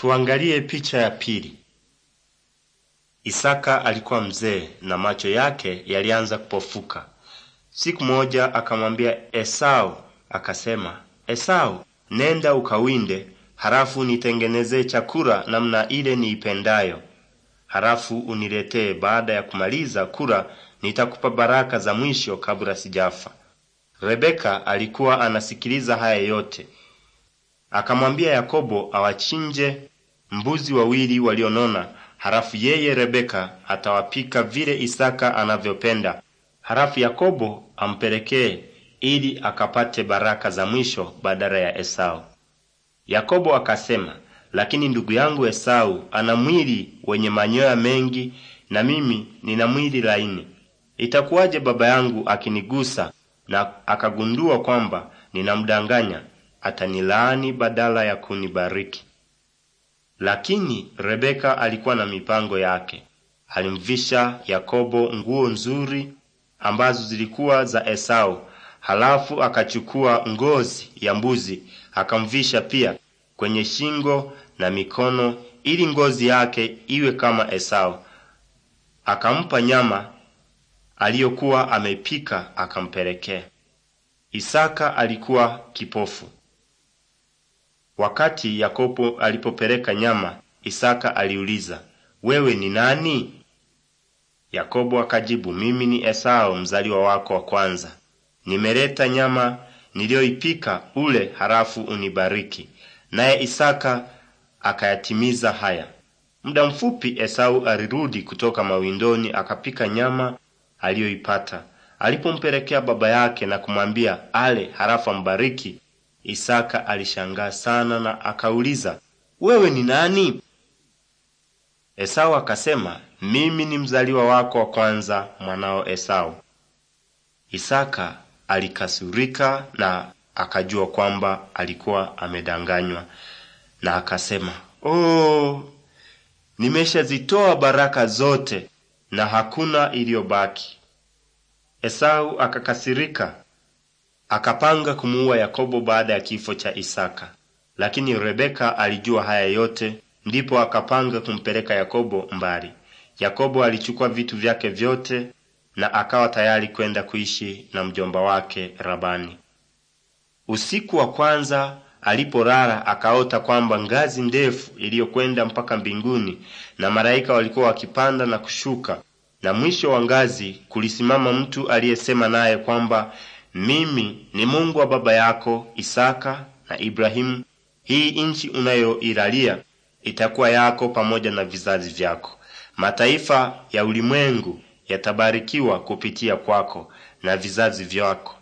Tuangalie picha ya pili. Isaka alikuwa mzee na macho yake yalianza kupofuka. Siku moja akamwambia Esau, akasema, Esau, nenda ukawinde, halafu nitengenezee chakula namna ile niipendayo, halafu uniletee. Baada ya kumaliza kula, nitakupa baraka za mwisho kabla sijafa. Rebeka alikuwa anasikiliza haya yote akamwambia Yakobo awachinje mbuzi wawili walionona, halafu yeye Rebeka atawapika vile Isaka anavyopenda, halafu Yakobo ampelekee ili akapate baraka za mwisho badala ya Esau. Yakobo akasema, lakini ndugu yangu Esau ana mwili wenye manyoya mengi na mimi nina mwili laini. Itakuwaje baba yangu akinigusa na akagundua kwamba ninamdanganya? atanilaani badala ya kunibariki. Lakini Rebeka alikuwa na mipango yake. Alimvisha Yakobo nguo nzuri ambazo zilikuwa za Esau, halafu akachukua ngozi ya mbuzi akamvisha pia kwenye shingo na mikono, ili ngozi yake iwe kama Esau. Akampa nyama aliyokuwa ameipika akampelekea. Isaka alikuwa kipofu. Wakati Yakobo alipopeleka nyama, Isaka aliuliza, wewe ni nani? Yakobo akajibu, mimi ni Esau mzaliwa wako wa kwanza. Nimeleta nyama niliyoipika, ule halafu unibariki. Naye Isaka akayatimiza haya. Muda mfupi Esau alirudi kutoka mawindoni, akapika nyama aliyoipata. Alipompelekea baba yake na kumwambia ale halafu ambariki, Isaka alishangaa sana na akauliza, wewe ni nani? Esau akasema, mimi ni mzaliwa wako wa kwanza, mwanao Esau. Isaka alikasirika na akajua kwamba alikuwa amedanganywa, na akasema, oh, nimeshazitoa baraka zote na hakuna iliyobaki. Esau akakasirika akapanga kumuua Yakobo baada ya kifo cha Isaka. Lakini Rebeka alijua haya yote, ndipo akapanga kumpeleka Yakobo mbali. Yakobo alichukua vitu vyake vyote na akawa tayari kwenda kuishi na mjomba wake rabani Usiku wa kwanza alipolala akaota kwamba ngazi ndefu iliyokwenda mpaka mbinguni na malaika walikuwa wakipanda na kushuka, na mwisho wa ngazi kulisimama mtu aliyesema naye kwamba mimi ni Mungu wa baba yako Isaka na Ibrahimu. Hii nchi unayoilalia itakuwa yako pamoja na vizazi vyako. Mataifa ya ulimwengu yatabarikiwa kupitia kwako na vizazi vyako,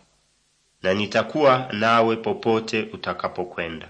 na nitakuwa nawe popote utakapokwenda.